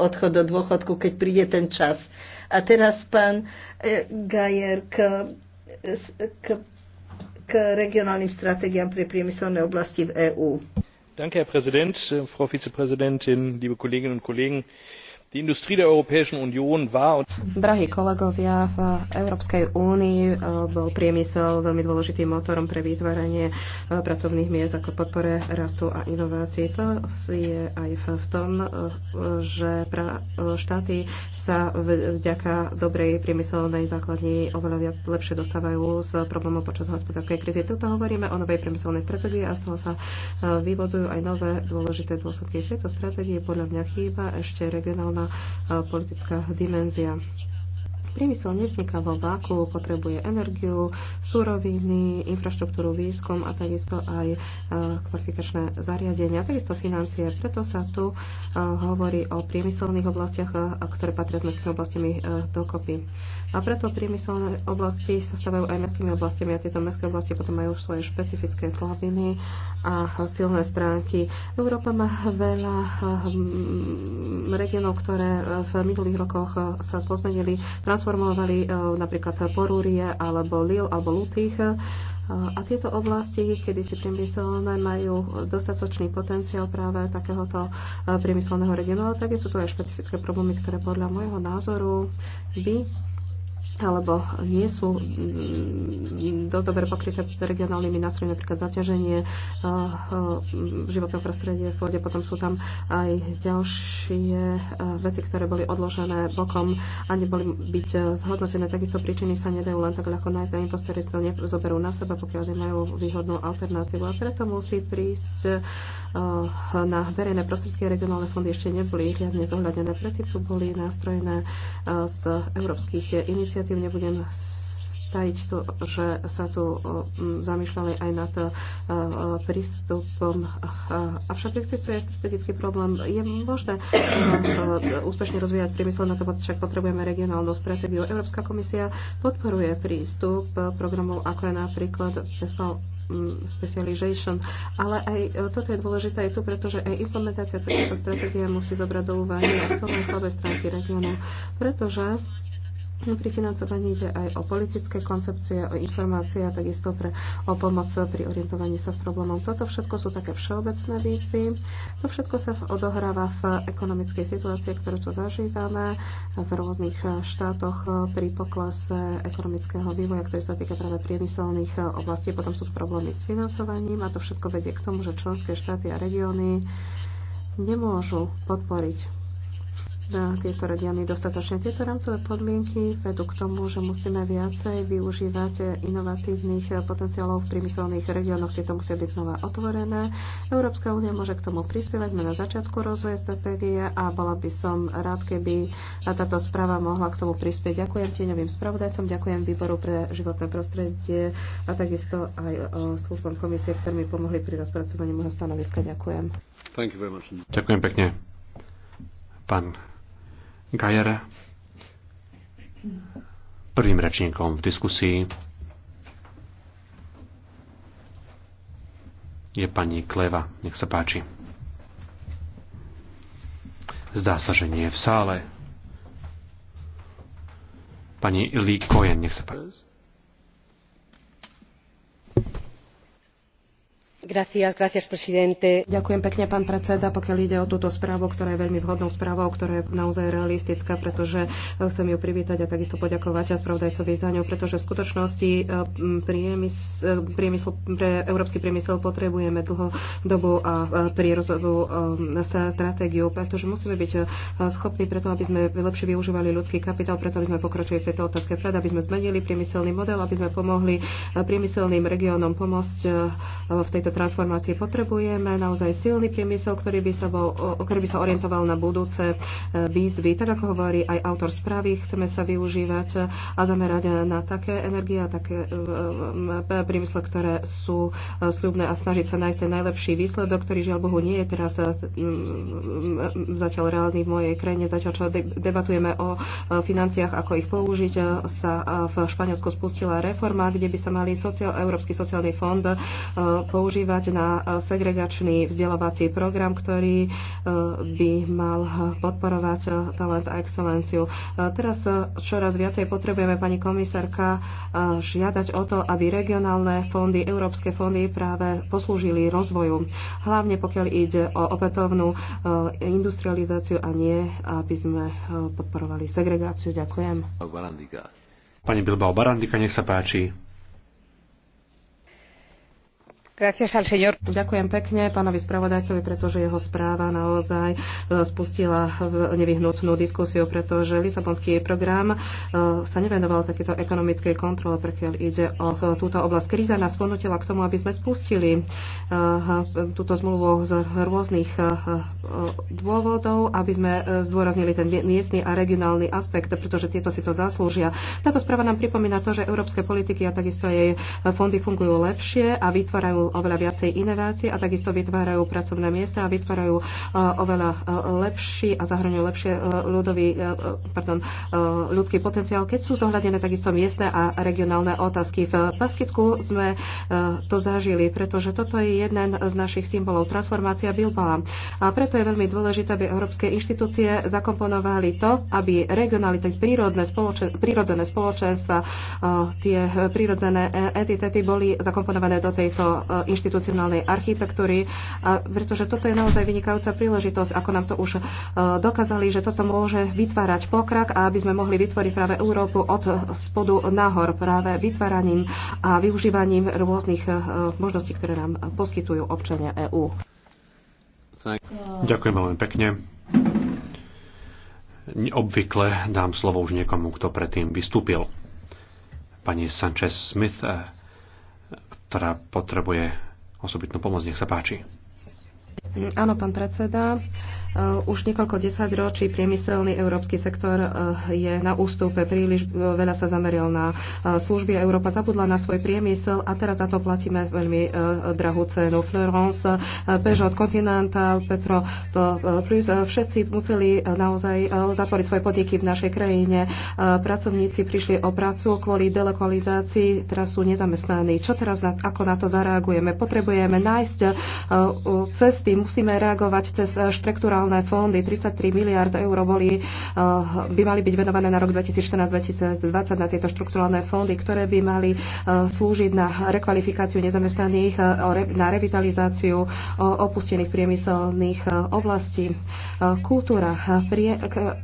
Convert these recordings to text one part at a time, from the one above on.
odchod do dôchodku, keď príde ten čas. A teraz pán e, Gajer k, k, k regionálnym stratégiám pre priemyselné oblasti v EÚ. Danke, Herr Präsident, Frau Vizepräsidentin, liebe Kolleginnen und Kollegen. Drahí kolegovia, v Európskej únii eh, bol priemysel veľmi dôležitým motorom pre vytváranie eh, pracovných miest ako podpore rastu a inovácií. To je aj v tom, eh, že štáty sa vďaka dobrej priemyselnej základni oveľa lepšie dostávajú z problémov počas hospodárskej krízy. Tuto hovoríme o novej priemyselnej stratégii a z toho sa vyvodzujú aj nové dôležité dôsledky. V tejto stratégii podľa mňa chýba ešte regionálna E, politická dimenzia. Priemysel nevzniká vo vláku, potrebuje energiu, suroviny, infraštruktúru, výskum a takisto aj e, kvalifikačné zariadenia, takisto financie. Preto sa tu e, hovorí o priemyselných oblastiach, e, ktoré patria s mestskými oblastiami dokopy. A preto priemyselné oblasti sa stavajú aj mestskými oblastiami a tieto mestské oblasti potom majú svoje špecifické slabiny a silné stránky. Európa má veľa regionov, ktoré v minulých rokoch sa pozmenili, trans- transformovali e, napríklad Porúrie alebo Lil alebo Lutých. E, a tieto oblasti, kedy si priemyselné majú dostatočný potenciál práve takéhoto e, priemyselného regionu, ale také sú tu aj špecifické problémy, ktoré podľa môjho názoru by alebo nie sú mm, dosť dobre pokryté regionálnymi nástrojmi, napríklad zaťaženie eh, eh, životného prostredia v vode. Potom sú tam aj ďalšie eh, veci, ktoré boli odložené bokom a neboli byť zhodnotené. Takisto príčiny sa nedajú len tak ľahko nájsť a impostori to nezoberú na seba, pokiaľ nemajú výhodnú alternatívu. A preto musí prísť na verejné prostredské regionálne fondy ešte neboli riadne zohľadené. Predtým tu boli nástrojené z európskych iniciatív tým nebudem stajiť to, že sa tu zamýšľali aj nad prístupom. Avšak existuje strategický problém. Je možné úspešne rozvíjať priemysel, na to však potrebujeme regionálnu stratégiu. Európska komisia podporuje prístup programov, ako je napríklad specialization. Ale aj toto je dôležité aj tu, pretože aj implementácia takéto stratégie musí zobrať do úvahy aj slabé stránky regionu, pretože No, pri financovaní ide aj o politické koncepcie, o informácie a takisto pre, o pomoc pri orientovaní sa v problémom. Toto všetko sú také všeobecné výzvy. To všetko sa odohráva v ekonomickej situácii, ktorú tu zažívame v rôznych eh, štátoch eh, pri poklase ekonomického vývoja, ktorý sa týka práve priemyselných eh, oblastí. Potom sú problémy s financovaním a to všetko vedie k tomu, že členské štáty a regióny nemôžu podporiť na tieto regióny dostatočne. Tieto rámcové podmienky vedú k tomu, že musíme viacej využívať inovatívnych potenciálov v priemyselných regiónoch. Tieto musia byť znova otvorené. Európska únia môže k tomu prispievať. Sme na začiatku rozvoja stratégie a bola by som rád, keby táto správa mohla k tomu prispieť. Ďakujem tieňovým spravodajcom, ďakujem výboru pre životné prostredie a takisto aj e, službom komisie, ktoré mi pomohli pri rozpracovaní môjho stanoviska. Ďakujem. Ďakujem pekne pán Gajer prvým rečníkom v diskusii je pani Kleva. Nech sa páči. Zdá sa, že nie je v sále. Pani Lee Cohen, nech sa páči. Ďakujem pekne, pán predseda, pokiaľ ide o túto správu, ktorá je veľmi vhodnou správou, ktorá je naozaj realistická, pretože e, chcem ju privítať a takisto poďakovať aj spravodajcovi za ňou, pretože v skutočnosti e, e, priemysl, pre európsky priemysel potrebujeme dlhodobú a prírozovú stratégiu, pretože musíme byť schopní preto, aby sme lepšie využívali ľudský kapitál, preto aby sme pokračovali v tejto otázke pred, aby sme zmenili priemyselný model, aby sme pomohli priemyselným regiónom pomôcť v tejto tejto transformácie potrebujeme naozaj silný priemysel, ktorý by sa, bol, ktorý by sa orientoval na budúce e, výzvy. Tak ako hovorí aj autor správy, chceme sa využívať e, a zamerať na také energie a také e, priemysle, ktoré sú sľubné a snažiť sa nájsť ten najlepší výsledok, ktorý žiaľ Bohu nie je teraz zatiaľ reálny v mojej krajine, zatiaľ čo debatujeme o financiách, ako ich použiť, sa v Španielsku spustila reforma, kde by sa mali sociál, Európsky sociálny fond použiť využívať na e, segregačný vzdelávací program, ktorý e, by mal podporovať e, talent a excelenciu. Teraz čoraz viacej potrebujeme, pani komisárka, žiadať o to, aby regionálne fondy, európske fondy práve poslúžili rozvoju. Hlavne pokiaľ ide o opätovnú industrializáciu a nie, aby sme podporovali segregáciu. Ďakujem. Pani Bilbao Barandika, nech sa páči. Ďakujem pekne pánovi spravodajcovi, pretože jeho správa naozaj e, spustila nevyhnutnú diskusiu, pretože Lisabonský program e, sa nevenoval takéto ekonomickej kontrole, prekiaľ ide o e, túto oblasť. Kríza nás ponútila k tomu, aby sme spustili túto zmluvu z rôznych dôvodov, aby sme zdôraznili ten miestny a regionálny aspekt, pretože tieto si to zaslúžia. Táto správa nám pripomína to, že európske politiky a takisto jej fondy fungujú lepšie a vytvárajú oveľa viacej inovácie a takisto vytvárajú pracovné miesta a vytvárajú e, oveľa e, lepší a zahrňujú lepšie e, ľudový, pardon, ľudský potenciál, keď sú zohľadené takisto miestne a regionálne otázky. V Paskicku sme to zažili, pretože toto je jeden z našich symbolov transformácia Bilbao. A preto je veľmi dôležité, aby európske inštitúcie zakomponovali to, aby regionálne, prírodné spoločen- prírodzené spoločenstva, tie prírodzené etitety boli zakomponované do tejto inštitucionálnej architektúry, pretože toto je naozaj vynikajúca príležitosť, ako nám to už e, dokázali, že toto môže vytvárať pokrak a aby sme mohli vytvoriť práve Európu od spodu nahor práve vytváraním a využívaním rôznych e, možností, ktoré nám poskytujú občania EÚ. Ďakujem veľmi pekne. Obvykle dám slovo už niekomu, kto predtým vystúpil. Pani Sanchez Smith, e, ktorá potrebuje osobitnú pomoc. Nech sa páči. Áno, pán predseda. Už niekoľko desaťročí priemyselný európsky sektor eh, je na ústupe. Príliš eh, veľa sa zameril na eh, služby. Európa zabudla na svoj priemysel a teraz za to platíme veľmi drahú cenu. Florence, Peugeot, Continental, Petro Plus, všetci museli naozaj zatvoriť svoje podniky v našej krajine. Pracovníci prišli o prácu kvôli delokalizácii, teraz sú nezamestnaní. Čo teraz, ako na to zareagujeme? Potrebujeme nájsť cez cesty. Musíme reagovať cez eh, štrukturálne fondy. 33 miliard eur boli, eh, by mali byť venované na rok 2014-2020 na tieto štrukturálne fondy, ktoré by mali eh, slúžiť na rekvalifikáciu nezamestnaných, na revitalizáciu opustených priemyselných oblastí. Kultúra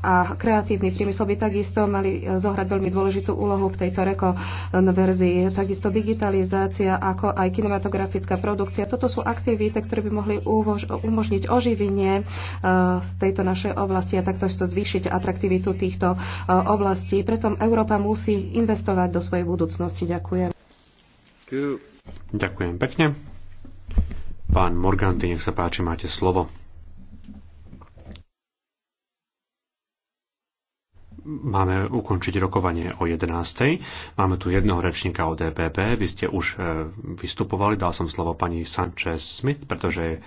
a kreatívny priemysel by takisto mali zohrať veľmi dôležitú úlohu v tejto rekonverzii. Takisto digitalizácia, ako aj kinematografická produkcia. Toto sú aktivity, ktoré by mohli u umožniť oživenie e, v tejto našej oblasti a takto zvýšiť atraktivitu týchto e, oblastí. Preto Európa musí investovať do svojej budúcnosti. Ďakujem. Ďakujem pekne. Pán Morganty, nech sa páči, máte slovo. máme ukončiť rokovanie o 11. Máme tu jednoho rečníka o DPP. Vy ste už e, vystupovali, dal som slovo pani Sanchez-Smith, pretože je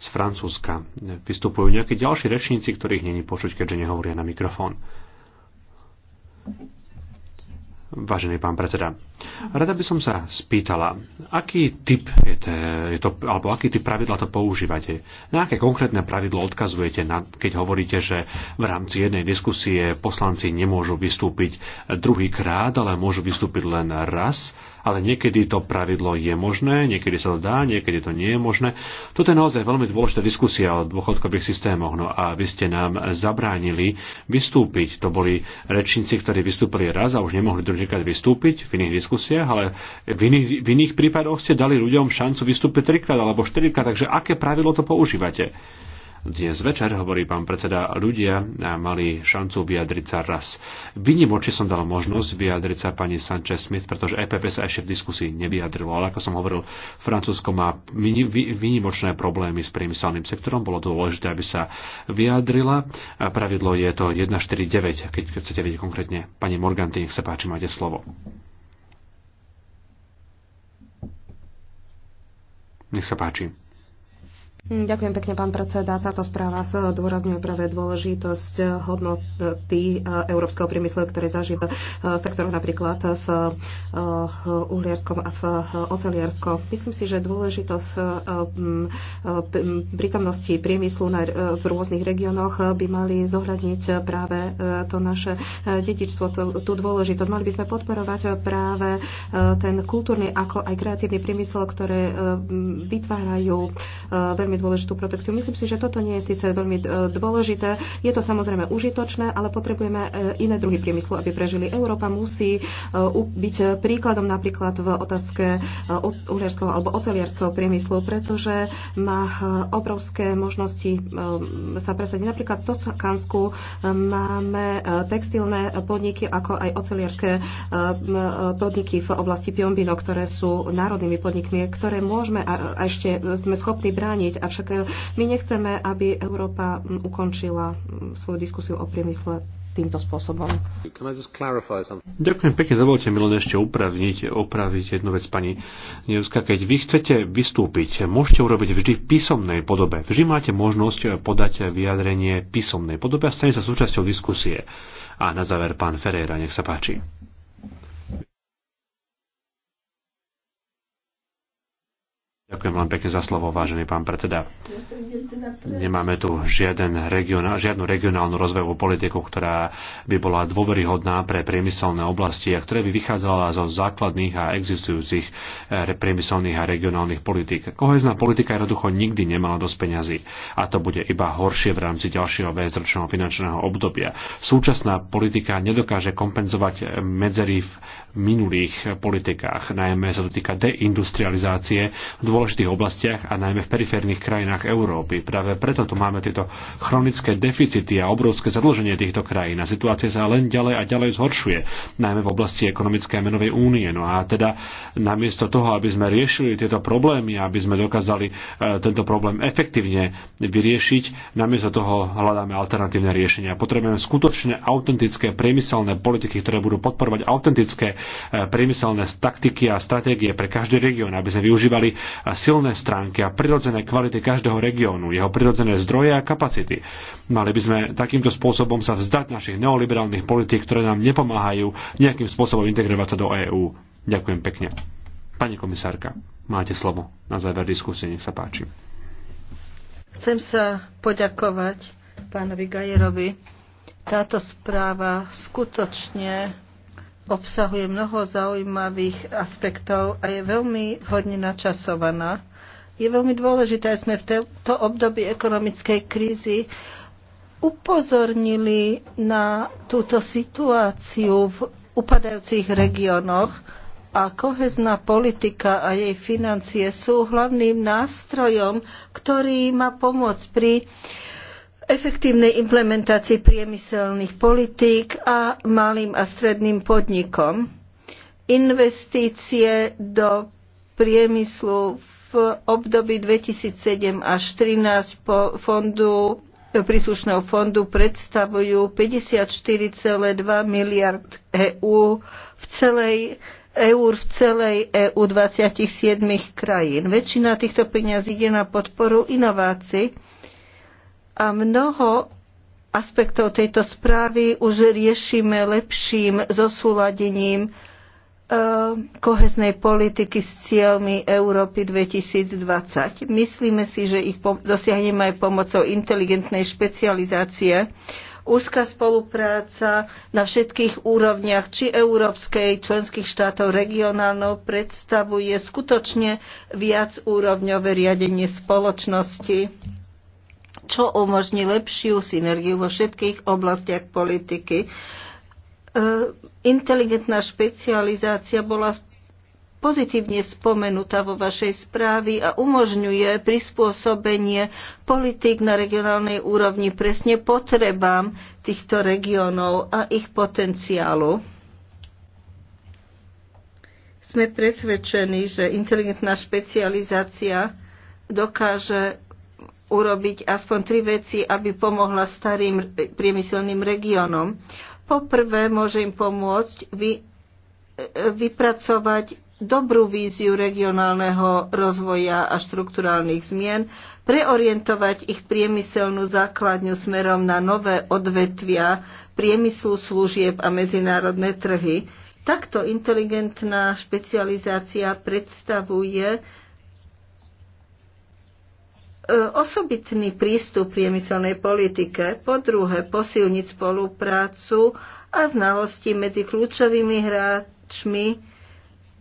z Francúzska. Vystupujú nejakí ďalší rečníci, ktorých není počuť, keďže nehovoria na mikrofón. Vážený pán predseda, Rada by som sa spýtala, aký typ, je to, je to, alebo aký typ pravidla to používate? Na aké konkrétne pravidlo odkazujete, na, keď hovoríte, že v rámci jednej diskusie poslanci nemôžu vystúpiť druhý krát, ale môžu vystúpiť len raz? ale niekedy to pravidlo je možné, niekedy sa to dá, niekedy to nie je možné. Toto je naozaj veľmi dôležitá diskusia o dôchodkových systémoch. No a vy ste nám zabránili vystúpiť. To boli rečníci, ktorí vystúpili raz a už nemohli druhýkrát vystúpiť v iných diskusiách, ale v iných, v iných prípadoch ste dali ľuďom šancu vystúpiť trikrát alebo štyrikrát, takže aké pravidlo to používate? Dnes večer, hovorí pán predseda, ľudia mali šancu vyjadriť sa raz. či som dal možnosť vyjadriť sa pani Sanchez Smith, pretože EPP sa ešte v diskusii nevyjadrilo, ale ako som hovoril, Francúzsko má vynimočné problémy s priemyselným sektorom, bolo dôležité, aby sa vyjadrila. A pravidlo je to 149, keď chcete vidieť konkrétne. Pani Morgantin, nech sa páči, máte slovo. Nech sa páči. Hm, ďakujem pekne, pán predseda. Táto správa sa dôrazňuje práve dôležitosť hodnoty eh, európskeho priemyslu, ktoré zažíva eh, sektor napríklad v eh, uhliarskom a v oceliarskom. Myslím si, že dôležitosť hm, hm, prítomnosti priemyslu v rôznych regiónoch by mali zohľadniť práve to naše dedičstvo, tú dôležitosť. Mali by sme podporovať práve ten kultúrny ako aj kreatívny priemysel, ktoré vytvárajú veľmi veľmi dôležitú protekciu. Myslím si, že toto nie je síce veľmi e, dôležité. Je to samozrejme užitočné, ale potrebujeme e, iné druhy priemyslu, aby prežili. Európa musí e, byť príkladom napríklad v otázke uhliarského alebo oceliarského priemyslu, pretože má obrovské možnosti sa presadiť. Napríklad v Toskansku máme textilné podniky, ako aj oceliarské podniky v oblasti Piombino, ktoré sú národnými podnikmi, ktoré môžeme a ešte sme schopní brániť Avšak eh, my nechceme, aby Európa mm, ukončila mm, svoju diskusiu o priemysle týmto spôsobom. Ďakujem pekne, dovolte mi len ešte upravniť, opraviť jednu vec, pani Nevská. Keď vy chcete vystúpiť, môžete urobiť vždy v písomnej podobe. Vždy máte možnosť eh, podať vyjadrenie písomnej podobe a stane sa súčasťou diskusie. A na záver pán Ferreira, nech sa páči. Ďakujem vám pekne za slovo, vážený pán predseda. Nemáme tu žiaden regionál, žiadnu regionálnu rozvojovú politiku, ktorá by bola dôveryhodná pre priemyselné oblasti a ktorá by vychádzala zo základných a existujúcich eh, priemyselných a regionálnych politik. Kohezná politika jednoducho nikdy nemala dosť peňazí a to bude iba horšie v rámci ďalšieho väzročného finančného obdobia. Súčasná politika nedokáže kompenzovať eh, medzery v minulých politikách, najmä sa dotýka deindustrializácie, dôležitých dôležitých oblastiach a najmä v periférnych krajinách Európy. Práve preto tu máme tieto chronické deficity a obrovské zadlženie týchto krajín a situácia sa len ďalej a ďalej zhoršuje, najmä v oblasti ekonomickej a menovej únie. No a teda namiesto toho, aby sme riešili tieto problémy, aby sme dokázali e, tento problém efektívne vyriešiť, namiesto toho hľadáme alternatívne riešenia. Potrebujeme skutočne autentické priemyselné politiky, ktoré budú podporovať autentické e, priemyselné taktiky a stratégie pre každý región, aby sme využívali e, a silné stránky a prirodzené kvality každého regiónu, jeho prirodzené zdroje a kapacity. Mali by sme takýmto spôsobom sa vzdať našich neoliberálnych politík, ktoré nám nepomáhajú nejakým spôsobom integrovať sa do EÚ. Ďakujem pekne. Pani komisárka, máte slovo na záver diskusie, nech sa páči. Chcem sa poďakovať pánovi Gajerovi. Táto správa skutočne obsahuje mnoho zaujímavých aspektov a je veľmi vhodne načasovaná. Je veľmi dôležité, aj sme v tomto období ekonomickej krízy upozornili na túto situáciu v upadajúcich regiónoch a kohezná politika a jej financie sú hlavným nástrojom, ktorý má pomôcť pri uh, efektívnej implementácii priemyselných politík a malým a stredným podnikom. Investície do priemyslu v období 2007 až 2013 po fondu, príslušného fondu predstavujú 54,2 miliard EÚ v celej eur v celej EU 27 krajín. Väčšina týchto peňazí ide na podporu inovácií a mnoho aspektov tejto správy už riešime lepším zosúladením e, koheznej politiky s cieľmi Európy 2020. Myslíme si, že ich dosiahneme aj pomocou inteligentnej špecializácie, úzka spolupráca na všetkých úrovniach, či európskej, členských štátov, regionálnou, predstavuje skutočne viacúrovňové riadenie spoločnosti čo umožní lepšiu synergiu vo všetkých oblastiach politiky. E, inteligentná špecializácia bola pozitívne spomenutá vo vašej správy a umožňuje prispôsobenie politik na regionálnej úrovni presne potrebám týchto regiónov a ich potenciálu. Sme presvedčení, že inteligentná špecializácia dokáže urobiť aspoň tri veci, aby pomohla starým priemyselným regiónom. Poprvé môže im pomôcť vy, e, vypracovať dobrú víziu regionálneho rozvoja a štrukturálnych zmien, preorientovať ich priemyselnú základňu smerom na nové odvetvia priemyslu služieb a medzinárodné trhy. Takto inteligentná špecializácia predstavuje E, osobitný prístup priemyselnej politike, po druhé posilniť spoluprácu a znalosti medzi kľúčovými hráčmi,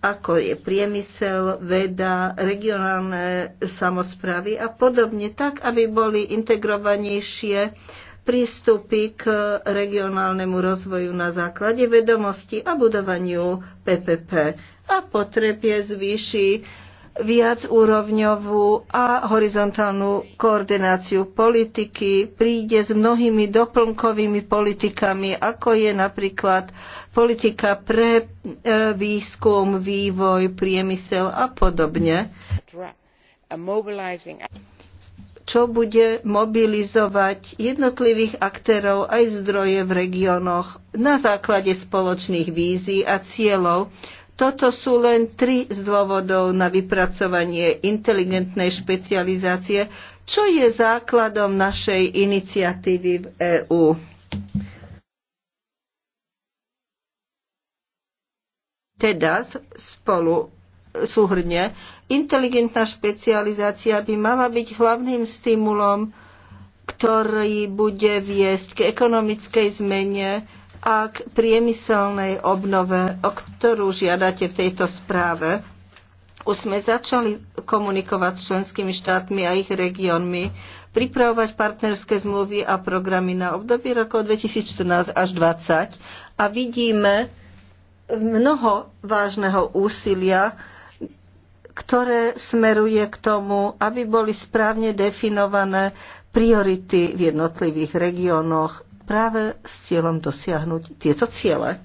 ako je priemysel, veda, regionálne samozpravy a podobne, tak, aby boli integrovanejšie prístupy k regionálnemu rozvoju na základe vedomosti a budovaniu PPP. A potrebie zvýši viacúrovňovú a horizontálnu koordináciu politiky, príde s mnohými doplnkovými politikami, ako je napríklad politika pre e, výskum, vývoj, priemysel a podobne, čo bude mobilizovať jednotlivých aktérov aj zdroje v regiónoch na základe spoločných vízií a cieľov, toto sú len tri z dôvodov na vypracovanie inteligentnej špecializácie, čo je základom našej iniciatívy v EÚ. Teda spolu súhrne, inteligentná špecializácia by mala byť hlavným stimulom, ktorý bude viesť k ekonomickej zmene, a k priemyselnej obnove, o ktorú žiadate v tejto správe. Už sme začali komunikovať s členskými štátmi a ich regiónmi, pripravovať partnerské zmluvy a programy na obdobie rokov 2014 až 2020 a vidíme mnoho vážneho úsilia, ktoré smeruje k tomu, aby boli správne definované priority v jednotlivých regiónoch práve s cieľom dosiahnuť tieto ciele.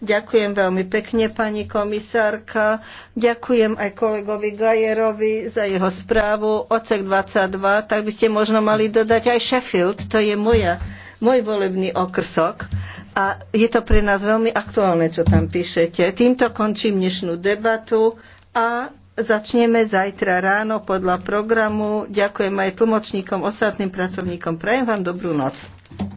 Ďakujem veľmi pekne, pani komisárka. Ďakujem aj kolegovi Gajerovi za jeho správu. Ocek 22, tak by ste možno mali dodať aj Sheffield, to je moja, môj volebný okrsok. A je to pre nás veľmi aktuálne, čo tam píšete. Týmto končím dnešnú debatu a začneme zajtra ráno podľa programu. Ďakujem aj tlmočníkom, ostatným pracovníkom. Prajem vám dobrú noc.